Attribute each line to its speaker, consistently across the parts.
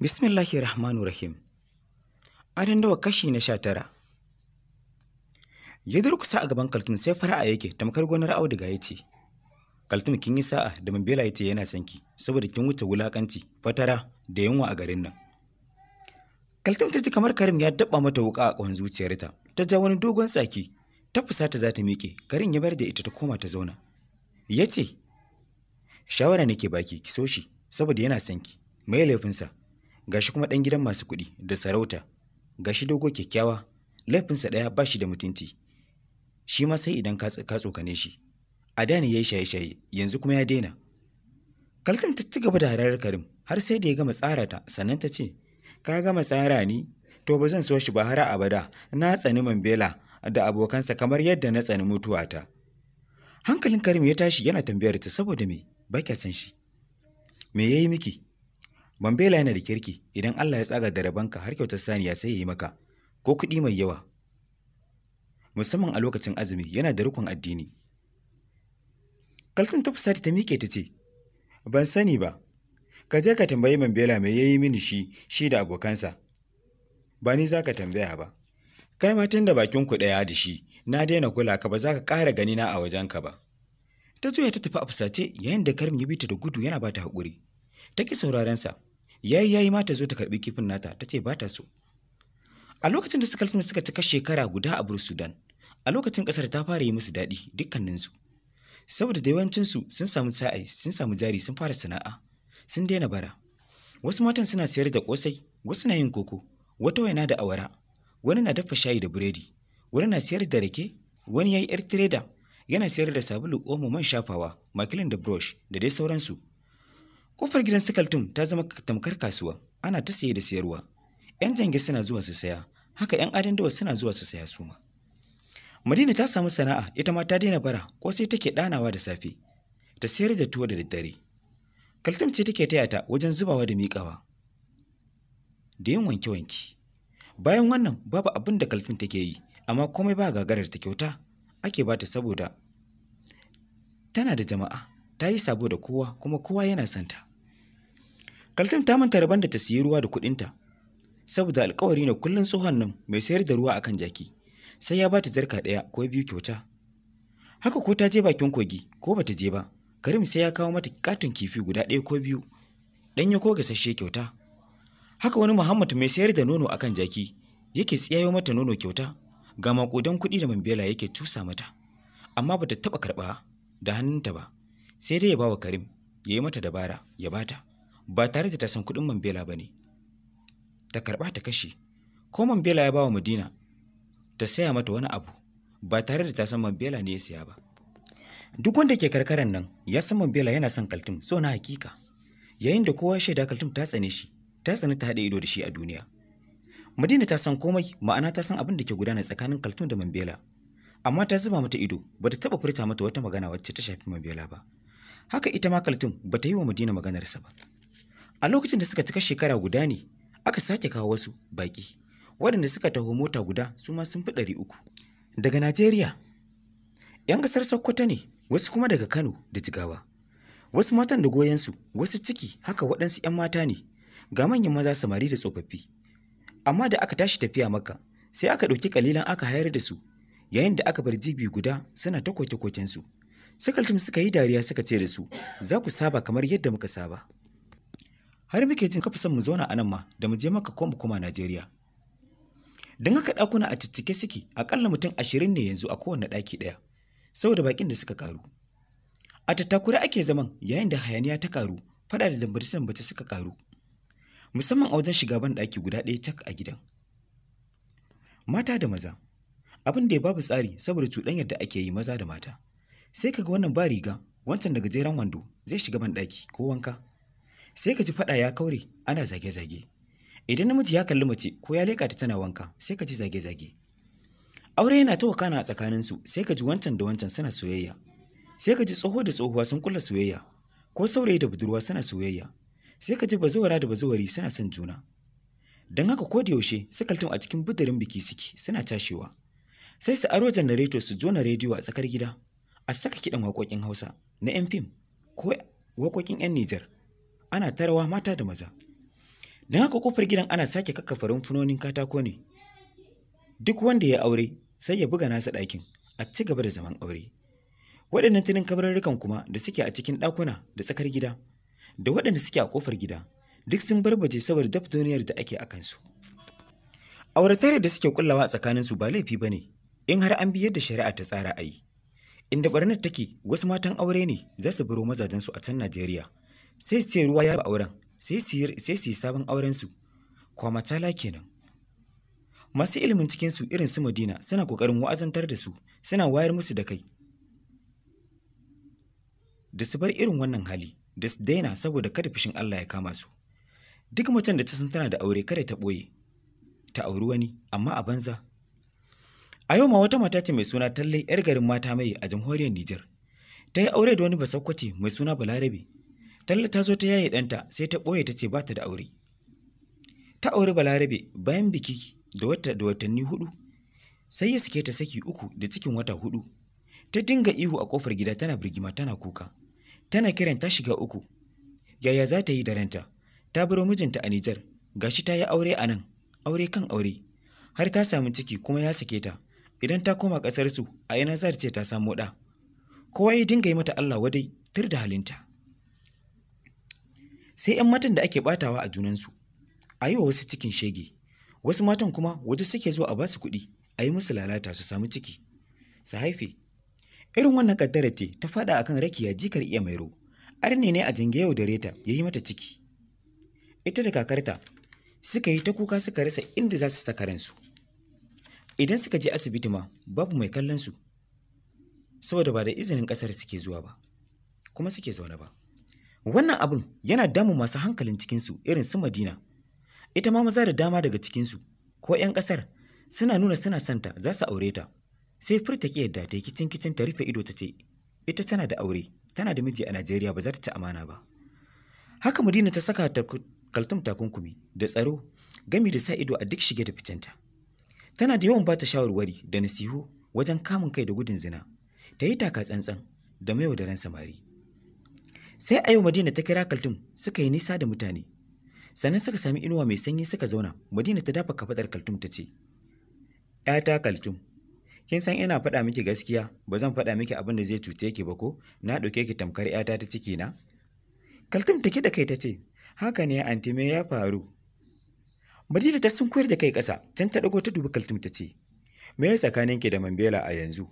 Speaker 1: Bismillahi Rahmanu Rahim. Adon dawa kashi na sha tara. Ya durkusa a gaban kaltun sai fara'a yake tamkar gonar auduga ya ce, Kaltum kin yi sa'a da Mambela yana sanki saboda kin wuce wulakanci, fatara da yunwa a garin nan. kaltun ta ji kamar Karim ya taɓa mata wuka a ƙwan zuciyarta, ta ja wani dogon tsaki, ta fusata za ta miƙe, Karim ya bar da ita ta koma ta zauna. yace Shawara nake baki, ki so shi, saboda yana sanki mai laifinsa, gashi kuma ɗan gidan masu kuɗi da sarauta gashi dogo kyakkyawa laifinsa ɗaya ba shi da mutunci shi ma sai idan ka tsokane shi a da ne ya yi shaye-shaye yanzu kuma ya daina kaltum ta ci gaba da hararar karim har sai da ya gama tsara ta sannan ta ce ka gama tsara ni to ba zan so shi ba har abada na tsani man bela da abokansa kamar yadda na tsani mutuwata hankalin karim ya tashi yana tambayar ta saboda me ba kya san shi me ya yi miki Bambela yana da kirki idan Allah ya tsaga da rabanka har kyautar saniya sai ya yi maka ko kuɗi mai yawa. Musamman a lokacin azumi yana da rukun addini. Kaltun ta fusati ta miƙe ta ce, Ban sani ba, ka je ka tambayi Bambela mai yayi mini shi shi da abokansa. Ba ni za ka tambaya ba. Kai ma tun da bakin ku ɗaya da shi, na daina kula ka ba za ka ƙara na a wajen ka ba. Ta ya ta tafi a fusace yayin da Karim ya bi ta da gudu yana ba ta haƙuri. Ta ƙi sa. yayi yayi ma ta zo ta karbi kifin nata ta ce ba ta so a lokacin da suka suka cika shekara guda a bur sudan a lokacin kasar ta fara yi musu daɗi dukkaninsu saboda da su sun samu sa'ai sun samu jari sun fara sana'a sun daina bara wasu matan suna sayar da kosai wasu na yin koko wata waina da awara wani na dafa shayi da buredi wani na sayar da rake wani yayi yi yar tireda yana sayar da sabulu omo man shafawa makilin da brush da dai sauransu Kofar gidan Sikaltum ta zama tamkar kasuwa, ana ta saye da sayarwa. 'Yan jange suna zuwa su saya, haka 'yan adon dawa suna zuwa su saya su ma. Madina ta samu sana'a ita ma ta daina bara ko sai take ɗanawa da safe, ta sayar da tuwo da daddare. Kaltum ce take taya ta wajen zubawa da miƙawa da yin wanke-wanke. Bayan wannan babu abin da Kaltum take yi, amma komai ba gagarar ta kyauta ake ba ta saboda tana da jama'a, ta yi sabo da kowa kuma kowa yana santa. kaltum ta manta rabon da ta siyi ruwa da ta saboda alkawari na kullum tsohon nan mai sayar da ruwa akan jaki sai ya bata zarka ɗaya ko biyu kyauta haka ko ta je bakin kogi ko bata je ba karim sai ya kawo mata katon kifi guda ɗaya ko biyu ya ko gasasshe kyauta haka wani muhammad mai sayar da nono akan jaki yake tsiyayo mata nono kyauta ga maƙudan kuɗi da mambela yake cusa mata amma bata taɓa karɓa da hannunta ba sai dai ya bawa karim ya yi mata dabara ya bata ba tare da ta san kuɗin man bela ba ne ta karɓa ta kashe ko man bela ya ba wa madina ta saya mata wani abu ba tare da ta san man bela ne ya saya ba duk wanda ke karkaran nan ya san man bela yana son kaltum so na hakika yayin da kowa shaida kaltum ta tsane shi ta tsani ta haɗa ido da shi a duniya madina ta san komai ma'ana ta san abin da ke gudana tsakanin kaltum da man bela amma ta zuba mata ido ba ta taɓa furta mata wata magana wacce ta shafi bela ba haka ita ma kaltum ba ta yi wa madina maganarsa ba a lokacin da suka cika shekara guda ne aka sake kawo wasu baƙi waɗanda suka taho mota guda su ma sun fi ɗari uku daga najeriya 'yan ƙasar sokoto ne wasu kuma daga kano da jigawa wasu matan da goyon su, wasu ciki haka waɗansu 'yan mata ne ga manyan maza samari da tsofaffi amma da aka tashi tafiya maka sai aka ɗauki kalilan aka hayar da su yayin da aka bar jibi guda suna ta koke-kokensu sakaltum suka yi dariya suka ce da su za ku saba kamar yadda muka saba har muke jin kafa san mu zauna a nan ma da mu je maka ko mu koma Najeriya. Don haka ɗakuna a ciccike suke aƙalla mutum ashirin ne yanzu a kowane ɗaki ɗaya saboda baƙin da suka karu. A tattakure ake zaman yayin da hayaniya ta karu faɗa da dambace-dambace suka karu musamman a wajen shiga ban ɗaki guda ɗaya cak a gidan. Mata da maza abin da ya babu tsari saboda cuɗanyar da ake yi maza da mata sai kaga wannan ba riga wancan da gajeren wando zai shiga ban ɗaki ko wanka sai ka ji faɗa ya kaure ana zage-zage idan namiji ya kalli mace ko ya leƙa ta tana wanka sai ka ji zage-zage aure yana ta wakana a tsakaninsu sai ka ji wancan da wancan suna soyayya sai ka ji tsoho da tsohuwa sun kulla soyayya ko saurayi da budurwa suna soyayya sai ka ji bazawara da bazawari suna son juna don haka ko da yaushe sukaltun a cikin budurin biki suke suna tashewa sai su aro janareto su jona rediyo a tsakar gida a saka kiɗan waƙoƙin hausa na yan fim ko waƙoƙin yan nijar ana tarawa mata da maza don haka kofar gidan ana sake kakkafa rumfunonin katako ne duk wanda ya aure sai ya buga nasa ɗakin a ci gaba da zaman aure waɗannan tunin kabarurrukan kuma da suke a cikin ɗakuna da tsakar gida da waɗanda suke a kofar gida duk sun barbaje saboda daf duniyar da ake a kansu Auratar da suke kullawa a su ba laifi ba ne in har an biyar da shari'a ta tsara a yi inda barnar take wasu matan aure ne za su biro su a can najeriya sai su ruwa ya ba auren sai su yi sabon aurensu kwamatala kenan masu ilimin cikin su irin su madina suna ƙoƙarin wa'azantar da su suna wayar musu da kai da su bar irin wannan hali da su daina saboda kada fushin Allah ya kama su duk mutum da ta san tana da aure kada ta ɓoye ta auri wani amma a banza a yau ma wata mata ce mai suna talle yar garin mata mai a jamhuriyar Nijar ta yi aure da wani basakwace mai suna Balarabe Talla ta zo ta yaye ɗanta sai ta ɓoye ta ce ba ta da aure. Ta auri Balarabe bayan biki da wata da watanni hudu sai ya sake ta saki uku da cikin wata hudu. Ta dinga ihu a kofar gida tana birgima tana kuka. Tana kiran ta shiga uku. Yaya za ta yi da ranta? Ta baro mijinta a Nijar. Gashi ta yi aure a nan, aure kan aure. Har ta samu ciki kuma ya sake ta. Idan ta koma ƙasarsu, a ina za ta ce ta samo ɗa. Kowa ya dinga yi mata Allah wadai, tur da halinta. sai 'yan matan da ake batawa a junansu a yi wa wasu cikin shege wasu matan kuma waje suke zuwa a ba su kuɗi a yi musu lalata su samu ciki su haife irin wannan kaddara ce ta faɗa kan rakiya jikar iya mairo arne ne a jinge yau da reta ya yi mata ciki ita da kakarta suka yi ta kuka suka rasa inda za su saka ransu idan suka je asibiti ma babu mai kallon su saboda ba da izinin ƙasar suke zuwa ba kuma suke zaune ba Wannan abin yana damun masu hankalin cikinsu irin su Madina. Ita ma maza da dama daga cikinsu ko 'yan ƙasar suna nuna suna santa za su aure ta. Sai furta ki yadda ta yi kicin kicin ta rufe ido ta ce, ita tana da aure, tana da miji a Najeriya ba za ta ci amana ba. Haka Madina ta saka kaltum takunkumi da tsaro gami da sa ido a duk shige da ficenta. Tana da yawan ba ta shawarwari da nasihu wajen kamun kai da gudun zina, ta yi taka tsantsan da mayaudaran samari. sai a yau madina ta kira kaltum suka yi nisa da mutane sannan suka sami inuwa mai sanyi suka zauna madina ta dafa kafadar kaltum ta ce ‘yata kaltum kin san ina faɗa miki gaskiya ba zan faɗa miki abin da zai cuce ki ba ko na ɗauke ki tamkar ‘yata ta ciki na kaltum take da kai ta ce haka ne anti me ya faru madina ta sun koyar da kai ƙasa can ta ɗago ta dubi kaltum ta ce me ya tsakaninki da mambela a yanzu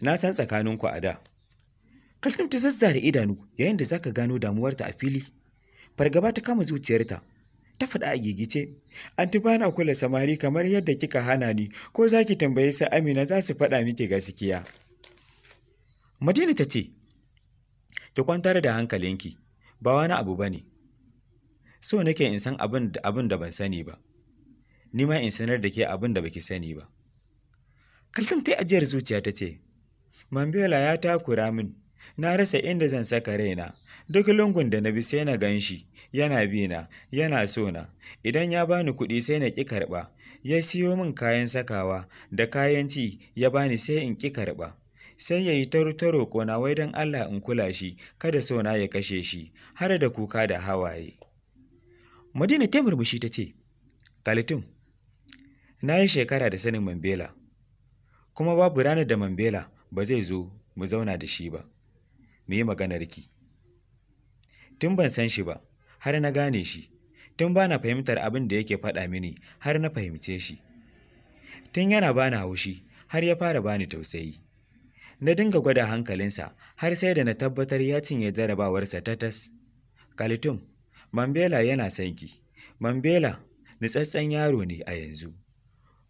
Speaker 1: na san tsakaninku a da kaltum ta zazzare idanu yayin da zaka gano damuwarta a fili fargaba ta kama zuciyarta ta faɗa a gigice anti bana kula samari kamar yadda kika hana ni ko zaki tambaye sa amina za su faɗa miki gaskiya madina ta ce ki kwantar da hankalinki ba wani abu ba ne so nake in san abin da ban sani ba ni ma in sanar da ke abin da baki sani ba kaltum ta yi ajiyar zuciya ta ce mambiola ya takura min na rasa inda zan saka raina duk lungun da na bi sai na gan shi yana bina yana so na idan ya bani kuɗi sai na ƙi karɓa ya siyo min kayan sakawa da kayan ci ya bani sai in ƙi karɓa sai ya yi taro kona wai don Allah in kula shi kada so na ya kashe shi har da kuka da hawaye madina ta murmushi ta ce kalitum na yi shekara da sanin mambela kuma babu ranar da mambela ba zai zo mu zauna da shi ba Mu me maganarki tun ban san shi ba har na gane shi tun ba na fahimtar abin da yake faɗa mini har na fahimce shi tun yana ba bani haushi har ya fara bani tausayi na dinga gwada hankalinsa har sai da na tabbatar ya cinye jarabawarsa ta tas kalitum mambela yana sanki mambela nutsatsen yaro ne a yanzu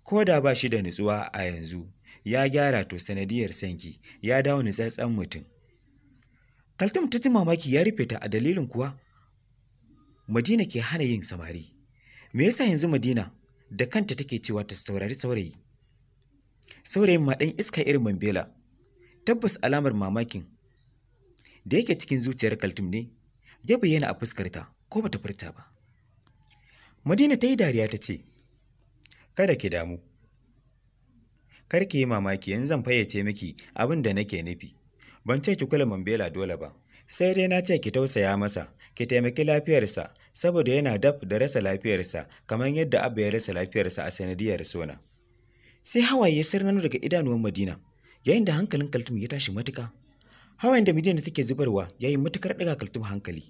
Speaker 1: ko da ba shi da nutsuwa a yanzu ya gyara to sanadiyar sanki ya dawo nutsatsen mutum Kaltum ta ji mamaki ya rufe ta a dalilin kuwa Madina ke hana yin samari. Me yasa yanzu Madina da kanta take cewa ta saurari saurayi? Saurayin ma ɗan iska irin Mambela. Tabbas alamar mamakin da yake cikin zuciyar Kaltum ne ya bayyana a fuskarta ko bata furta ba. Madina ta yi dariya ta ce, Kada ki damu, kar ki yi mamaki yanzu zan fayyace miki abin da nake nufi. ban ce ki kula Mambela dole ba, sai dai na ce ki tausaya masa, ki taimaki lafiyarsa, saboda yana daf da rasa lafiyarsa kamar yadda Abba ya rasa lafiyarsa a sanadiyar sona. Sai hawaye ya nano daga idanuwan Madina, yayin da hankalin Kaltum ya tashi matuka. Hawayen da Madina take zubarwa yayi matukar daga Kaltum hankali.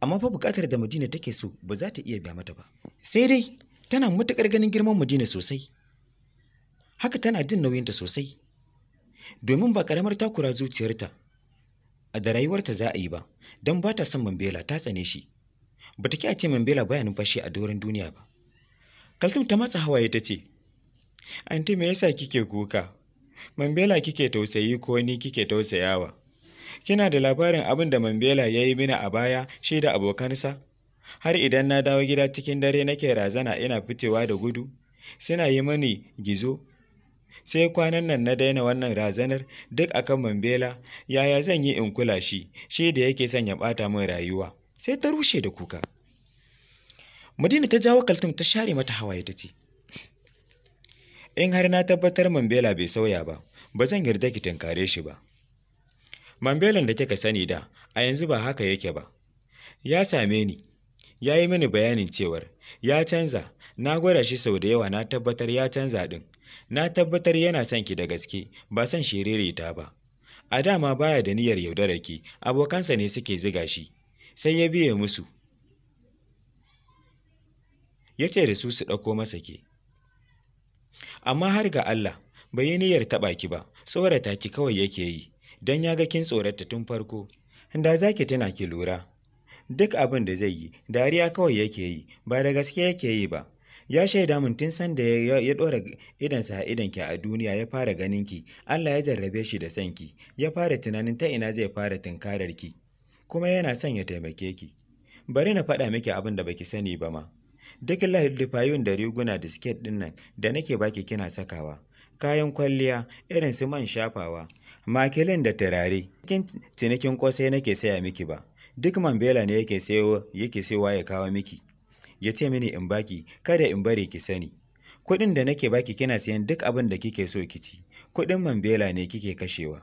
Speaker 1: Amma fa bukatar da Madina take so ba za ta iya biya mata ba. Sai dai tana matukar ganin girman Madina sosai. Haka tana jin nauyinta sosai. domin ba karamar takura zuciyarta da rayuwarta za a yi ba don ba ta son mambela ta tsane shi ba ta ki a ce mambela baya numfashi a doron duniya ba kaltum ta matsa hawaye ta ce anti me yasa kike kuka mambela kike tausayi ko ni kike tausayawa kina da labarin abin da mambela ya yi mina a baya shi da abokansa har idan na dawo gida cikin dare nake razana ina fitewa da gudu suna yi mani gizo sai kwanan nan na daina wannan razanar duk akan mambela yaya zan yi in kula shi shi da yake son ya ɓata min rayuwa sai ta rushe da kuka madina ta jawo kaltum ta share mata hawa ta ce in har na tabbatar mambela bai sauya ba ba zan yarda ki tunkare shi ba mambelan da kika sani da a yanzu ba haka yake ba ya same ni ya yi mini bayanin cewar ya canza na gwada shi sau da yawa na tabbatar ya canza din. Na tabbatar yana son ki da gaske, ba son shiririta ba. A dama baya da niyyar yaudarar ki, abokansa ne suke ziga shi, sai ya biye musu. Ya ce da su su ɗauko masa ke. Amma har ga Allah, bai yi niyyar taɓa ki ba, tsorata ki kawai yake yi, don ya ga kin tsorata tun farko. Da za ki tuna ki lura, duk abin da zai yi, dariya kawai yake yi, ba da gaske yake yi ba. ya shaida mun tun san da ya ɗora idansa a idanki a duniya ya fara ganin ki Allah ya jarrabe shi da sanki ya fara tunanin ta ina zai fara tunkarar ki kuma yana son ya taimake ki bari na faɗa miki abin da baki sani ba ma duk lifayun da riguna da siket ɗin nan da nake baki kina sakawa kayan kwalliya irin su man shafawa makilin da turare cikin cinikin kosai nake saya miki ba duk man bela ne yake sayo yake sayowa ya kawo miki ya ce mini in baki kada in bari ki sani kuɗin da nake baki kina siyan duk abin da kike so ki ci kuɗin bela ne kike kashewa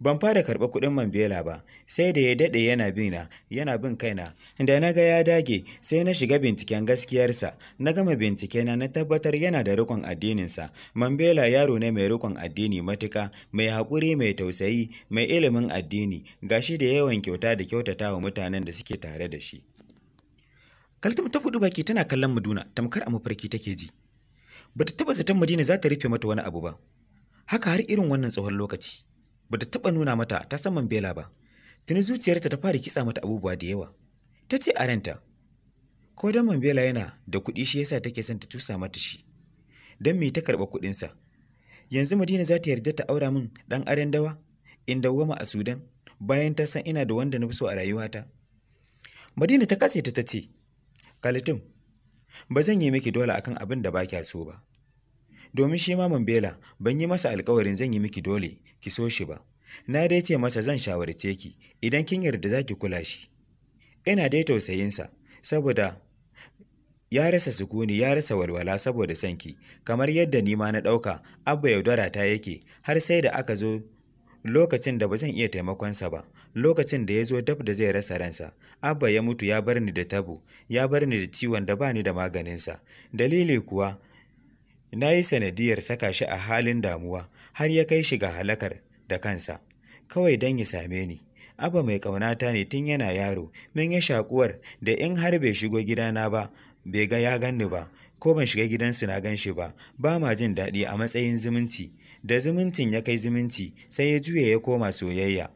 Speaker 1: ban fara karɓa kuɗin bela ba sai da ya daɗe yana bina yana bin kaina da na ga ya dage sai na shiga binciken gaskiyarsa na gama bincikena na tabbatar yana da rikon addininsa bela yaro ne mai rikon addini matuka mai haƙuri mai tausayi mai ilimin addini gashi da yawan kyauta da kyautata wa mutanen da suke tare da shi kaltama ta buɗe baki tana kallon maduna tamkar a mafarki take ji bata taba zaton madina za ta rufe mata wani abu ba haka har irin wannan tsohon lokaci bata taba nuna mata ta san bela ba tuni zuciyarta ta fara kitsa mata abubuwa da yawa ta ce a ranta ko dan bela yana da kuɗi shi yasa take son ta tusa mata shi dan me ta karɓa kuɗinsa yanzu madina za ta yarda ta aura min ɗan aren dawa in dawwama a sudan bayan ta san ina da wanda na fi so a rayuwata madina ta katse ta ta ce kalitin ba zan yi miki dole akan abin da ba kya so ba domin shi maman bela ban yi masa alkawarin zan yi miki dole ki so shi ba na dai ce masa zan shawarce ki idan kin yarda za ki kula shi ina dai tausayinsa saboda ya rasa sukuni ya rasa walwala saboda sanki kamar yadda ni ma na ɗauka abba yaudara ta yake har sai da aka zo lokacin da ba zan iya taimakonsa ba lokacin da ya zo dab da zai rasa ransa abba ya mutu ya bar ni da tabo ya bar ni da ciwon da ba ni da maganinsa dalili kuwa na yi sanadiyar saka shi a halin damuwa har ya kai shi ga halakar da kansa kawai don ya same ni abba mai ƙaunata ne tun yana yaro min ya shakuwar da in har bai shigo gidana ba bai ga ya ganni ba ko ban shiga gidansu na gan shi ba ba ma jin daɗi a matsayin zumunci da zumuncin ya kai zumunci sai ya juya ya koma soyayya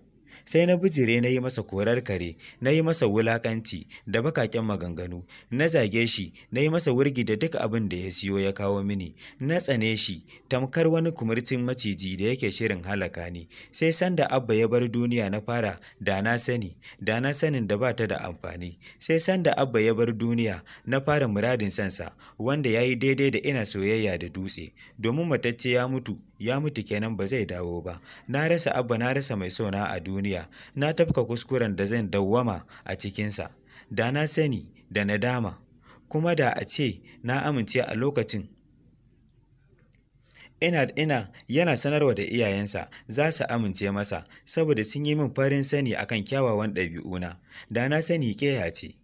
Speaker 1: sai na bijire na yi masa korar kare na yi masa wulakanci da bakaken maganganu na zage shi na yi masa wurgi da duk abin da ya siyo ya kawo mini na tsane shi tamkar wani kumurcin maciji da yake shirin halaka ne. sai sanda abba ya bar duniya na fara da na sani da na sanin da ba ta da amfani sai sanda abba ya bar duniya na fara muradin sansa wanda ya yi daidai da ina soyayya da dutse domin matacce ya mutu ya mutu kenan ba zai dawo ba na rasa abba na rasa mai sona a duniya na tafka kuskuren da zan dawwama a cikinsa da na sani da na dama kuma da a ce na amince a lokacin ina ina yana sanarwa da iyayensa za su amince masa saboda sun yi min farin sani akan kyawawan ɗabi'una da na sani ke ya ce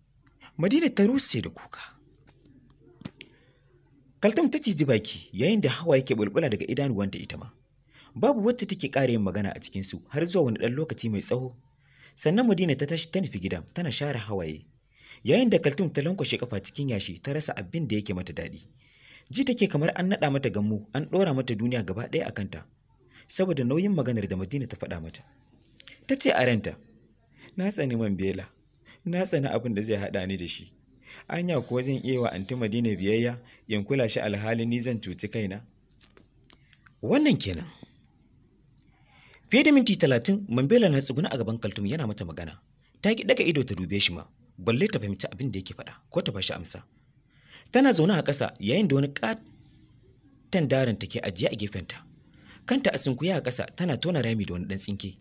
Speaker 1: madina ta rushe da kuka kaltam ta ciji baki yayin da hawa yake bulbula daga idanu idanuwanta ita ma babu wacce take ƙara yin magana a cikinsu har zuwa wani ɗan lokaci mai tsawo sannan madina ta tashi ta nufi gidan tana share hawaye yayin da kaltum ta lankwashe kafa cikin yashi ta rasa abin da yake mata daɗi ji take kamar an naɗa mata gammu an ɗora mata duniya gaba ɗaya a kanta saboda nauyin maganar da madina ta faɗa mata ta ce a ranta na tsani man bela na tsani abin da zai haɗa ni da shi anya kuwa zan iya wa anti madina biyayya in kula shi alhali ni zan cuci kaina wannan kenan fiye da minti talatin mambela na tsuguna a gaban kaltum yana mata magana ta ki daga ido ta dube shi ma balle ta fahimci abin da yake faɗa ko ta bashi amsa tana zaune a ƙasa yayin da wani katon darin ke ajiye a gefenta kanta a sunkuya a ƙasa tana tona rami da wani ɗan tsinke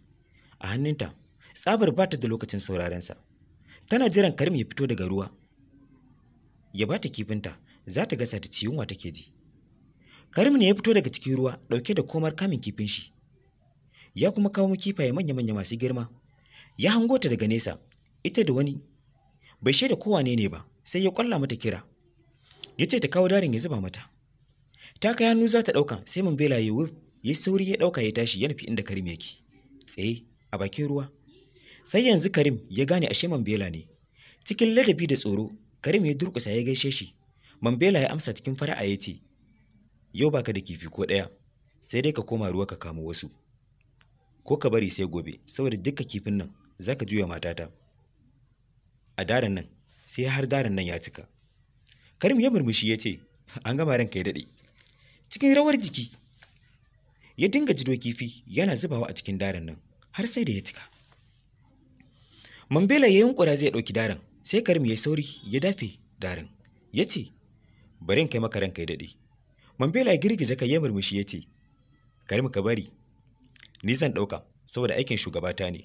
Speaker 1: a hannunta tsabar ba ta da lokacin saurarensa tana jiran karim ya fito daga ruwa ya ba ta kifinta za ta gasa ta ciyunwa take ji karim ne ya fito daga cikin ruwa ɗauke da komar kamin kifin shi ya kuma kawo kifaye manya-manya masu girma ya hango ta daga nesa ita da wani bai shaida kowa ne ba sai ya kwalla mata kira ya ce ta kawo darin ya zuba mata ta kai hannu za ta ɗauka sai mun bela ya wuf ya sauri ya ɗauka ya tashi ya nufi inda karim yake tsaye a bakin ruwa sai yanzu karim ya gane ashe man bela ne cikin ladabi da tsoro Karim ya durƙusa ya gaishe shi. Mambela ya amsa cikin fara'a ya ce, Yau baka da kifi ko ɗaya, sai dai ka koma ruwa ka kamo wasu. Ko ka bari sai gobe, saboda dukka kifin nan za ka juya matata. A daren nan, sai har daren nan ya cika. Karim ya murmushi ya ce, An gama ranka ya daɗe. Cikin rawar jiki, ya dinga jido kifi yana zubawa a cikin daren nan, har sai da ya cika. Mambela ya yunkura zai ɗauki daren, sai karim ya sauri ya dafe darin ya ce bari in kai maka ranka ya daɗe mambela ya girgiza kai ya murmushi ya ce karim ka bari ni zan ɗauka saboda aikin shugabata ne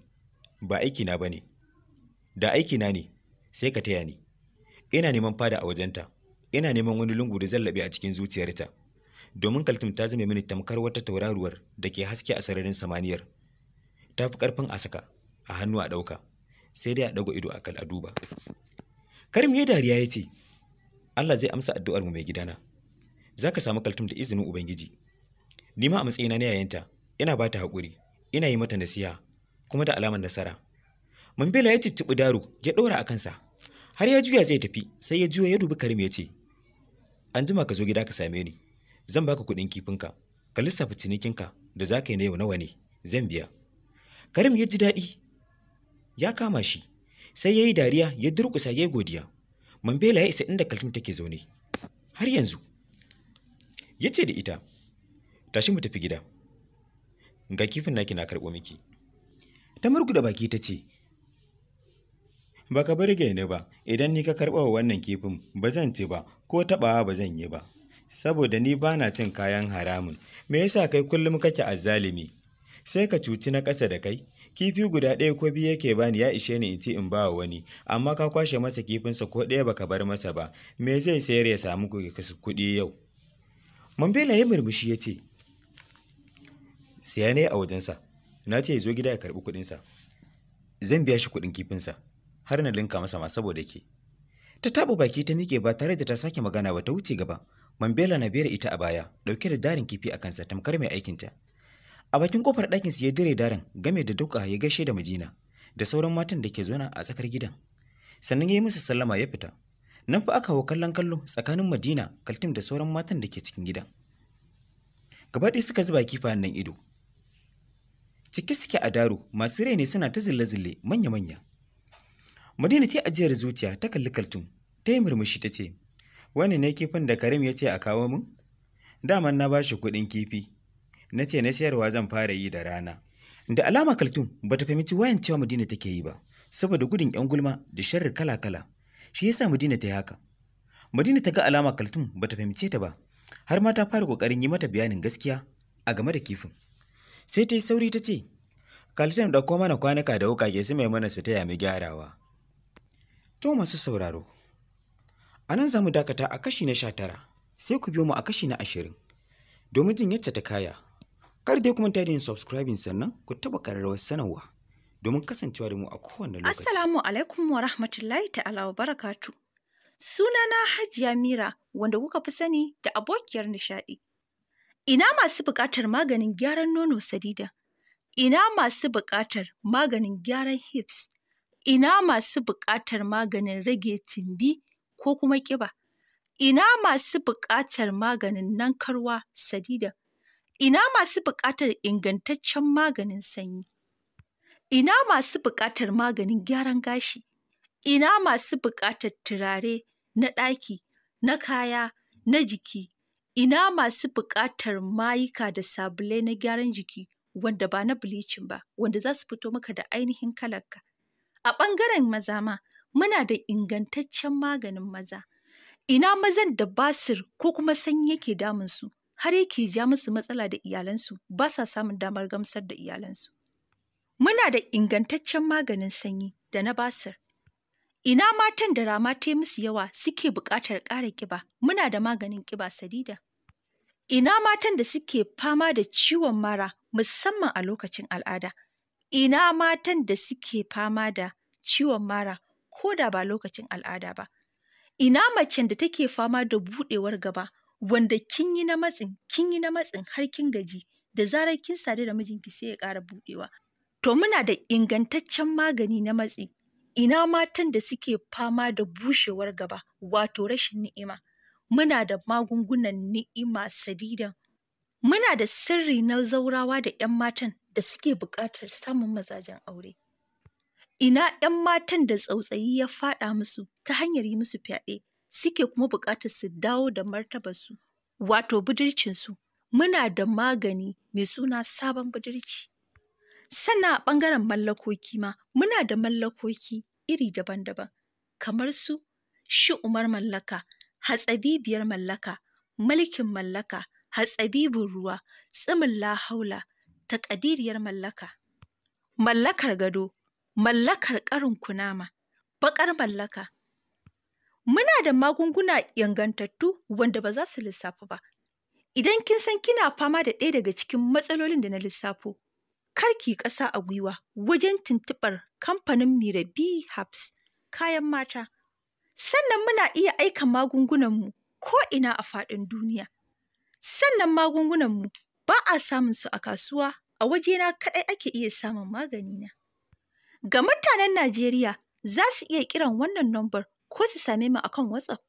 Speaker 1: ba aikina ba ne da aiki na ne sai ka taya ni ina neman fada a wajenta ina neman wani lungu da zallabe a cikin zuciyarta domin kaltum ta zama mini tamkar wata tauraruwar da ke haske a sararin samaniyar ta fi ƙarfin a saka a hannu a ɗauka sai dai a ɗago ido a kal a duba karim ya dariya ya ce allah zai amsa addu'ar mu mai gidana za ka samu kaltum da izinin ubangiji Nima a matsayina na yayanta ina ba ta haƙuri ina yi mata nasiya. kuma da alamar nasara mambela ya tuttuɓi daro ya ɗora a kansa har ya juya zai tafi sai ya juya ya dubi karim ya ce an jima ka zo gida ka same ni zan baka kuɗin kifinka ka lissafa cinikinka da za ka yi na yau nawa ne zan biya karim ya ji daɗi ya kama shi sai ya yi dariya ya durƙusa ya yi godiya mambela ya isa inda kaltum take zaune har yanzu ya ce da ita tashi mu tafi gida ga kifin naki na karɓo miki ta murguda baki ta ce ba ka bar ni ba idan ni ka karɓa wa wannan kifin ba zan ci ba ko taɓawa ba zan yi ba saboda ni ba na cin kayan haramun me yasa kai kullum kake azzalimi sai ka cuci na ƙasa da kai kifi guda ɗaya ko biyu yake bani ya ishe ni in ci in ba wa wani amma ka kwashe masa kifinsa ko ɗaya baka bar masa ba me zai sayar ya samu kuɗi yau mambela ya murmushi ya ce siya ne a wajensa na ce zo gida ya karɓi kuɗinsa zan biya shi kuɗin kifinsa har na linka masa ma saboda ke ta taɓa baki ta miƙe ba tare da ta sake magana ba ta wuce gaba mambela na biyar ita a baya ɗauke da darin kifi a kansa tamkar mai aikinta a bakin kofar ɗakin ya dire daren game da duka ya gaishe da madina da sauran matan da ke zauna a tsakar gidan sannan ya yi musu sallama ya fita nan fa aka hau kallon kallo tsakanin madina kaltim da sauran matan da ke cikin gidan gaba ɗaya suka zuba kifayen nan ido cike suke a daro masu rai ne suna ta zille-zille manya-manya madina ta ajiyar zuciya ta kalli kaltum ta yi murmushi ta ce wani ne kifin da karim ya ce a kawo min daman na ba shi kuɗin kifi na ce na sayarwa zan fara yi da rana da alama kaltun ba ta fahimci wayan cewa madina take yi ba saboda gudun yan gulma da sharri kala kala shi yasa madina ta yi haka madina ta ga alama kaltun ba ta fahimce ta ba har ma ta fara kokarin yi mata bayanin gaskiya a game da kifin sai ta yi sauri ta ce kaltum ɗauko mana kwanuka da wukake su mai mana su taya mu gyarawa to masu sauraro a nan za mu dakata a kashi na sha tara sai ku biyo mu a kashi na ashirin domin jin yadda ta kaya Kar dai kuma manta subscribing sannan ku taɓa ƙararrawar sanarwa domin kasancewa da mu a kowane lokaci.
Speaker 2: Assalamu alaikum wa rahmatullahi ta'ala wa barakatu. Sunana Hajiya Mira wanda kuka fi sani da abokiyar nishaɗi. Ina masu buƙatar maganin gyaran nono sadida? Ina masu buƙatar maganin gyaran hips? Ina masu buƙatar maganin rage tumbi ko kuma ƙiba? Ina masu buƙatar maganin nankarwa sadida? Ina masu buƙatar ingantaccen maganin sanyi? Ina masu buƙatar maganin gyaran gashi? Ina masu buƙatar turare na ɗaki, na kaya, na jiki? Ina masu buƙatar mayuka da sabulai na gyaran jiki wanda ba na bleaching ba, wanda za su fito maka da ainihin kalarka? A ɓangaren maza ma, muna da ingantaccen maganin maza. Ina mazan da basir ko kuma sanyi yake damunsu? har yake ja musu matsala da iyalansu ba sa samun damar gamsar da iyalansu. Muna da ingantaccen maganin sanyi da na basir. Ina matan da rama ta musu yawa suke buƙatar ƙara ƙiba, muna da maganin ƙiba sadida. Ina matan da suke fama da ciwon mara musamman a lokacin al'ada. Ina matan da suke fama da ciwon mara ko da ba lokacin al'ada ba. Ina macen da take fama da buɗewar gaba wanda kin yi na matsin kin yi na matsin har kin gaji da zarar kin sadu da mijinki sai ya ƙara buɗewa to muna da ingantaccen magani na matsi ina matan da suke fama da bushewar gaba wato rashin ni'ima muna da magungunan ni'ima sadidan muna da sirri na zaurawa da 'yan matan da suke buƙatar samun mazajen aure ina 'yan matan da tsautsayi ya faɗa musu ta hanyar yi musu fyaɗe suke kuma buƙatar su dawo da martabarsu wato budurcinsu muna da magani mai suna sabon budurci sannan a ɓangaren mallakoki ma muna da mallakoki iri daban-daban kamar su shi umar mallaka hatsabibiyar mallaka mulkin mallaka hatsabibin ruwa tsimin lahaula taƙadiriyar mallaka mallakar gado mallakar ƙarin kunama baƙar mallaka Muna da magunguna ingantattu wanda ba za su lissafu ba. Idan kin san kina fama da ɗaya daga cikin matsalolin da na lissafo, kar karki ƙasa a gwiwa wajen tuntuɓar kamfanin Mirabi Habs kayan mata. Sannan muna iya aika magungunanmu ko ina a faɗin duniya. Sannan magungunanmu ba a samun su a kasuwa a wajena kaɗai ake iya samun magani na. Ga mutanen Najeriya za su iya kiran wannan nombar ko su same mu akan WhatsApp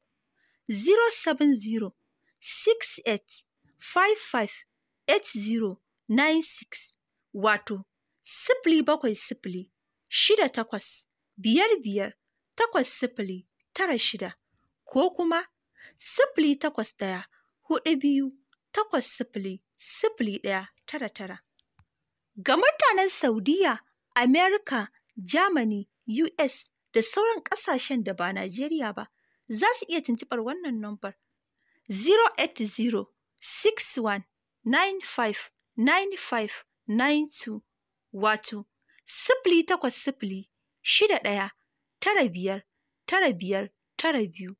Speaker 2: 070 68 55 8096 wato sifili bakwai sifili shida takwas biyar biyar takwas sifili tara shida ko kuma sifili takwas ɗaya hudu biyu takwas sifili sifili ɗaya tara tara. Ga mutanen Saudiyya, Amerika, Germany, US da sauran ƙasashen da ba Najeriya ba za su iya tuntuɓar wannan nombar 08061959592 wato sifili takwas sifili shida ɗaya tara biyar tara biyar tara biyu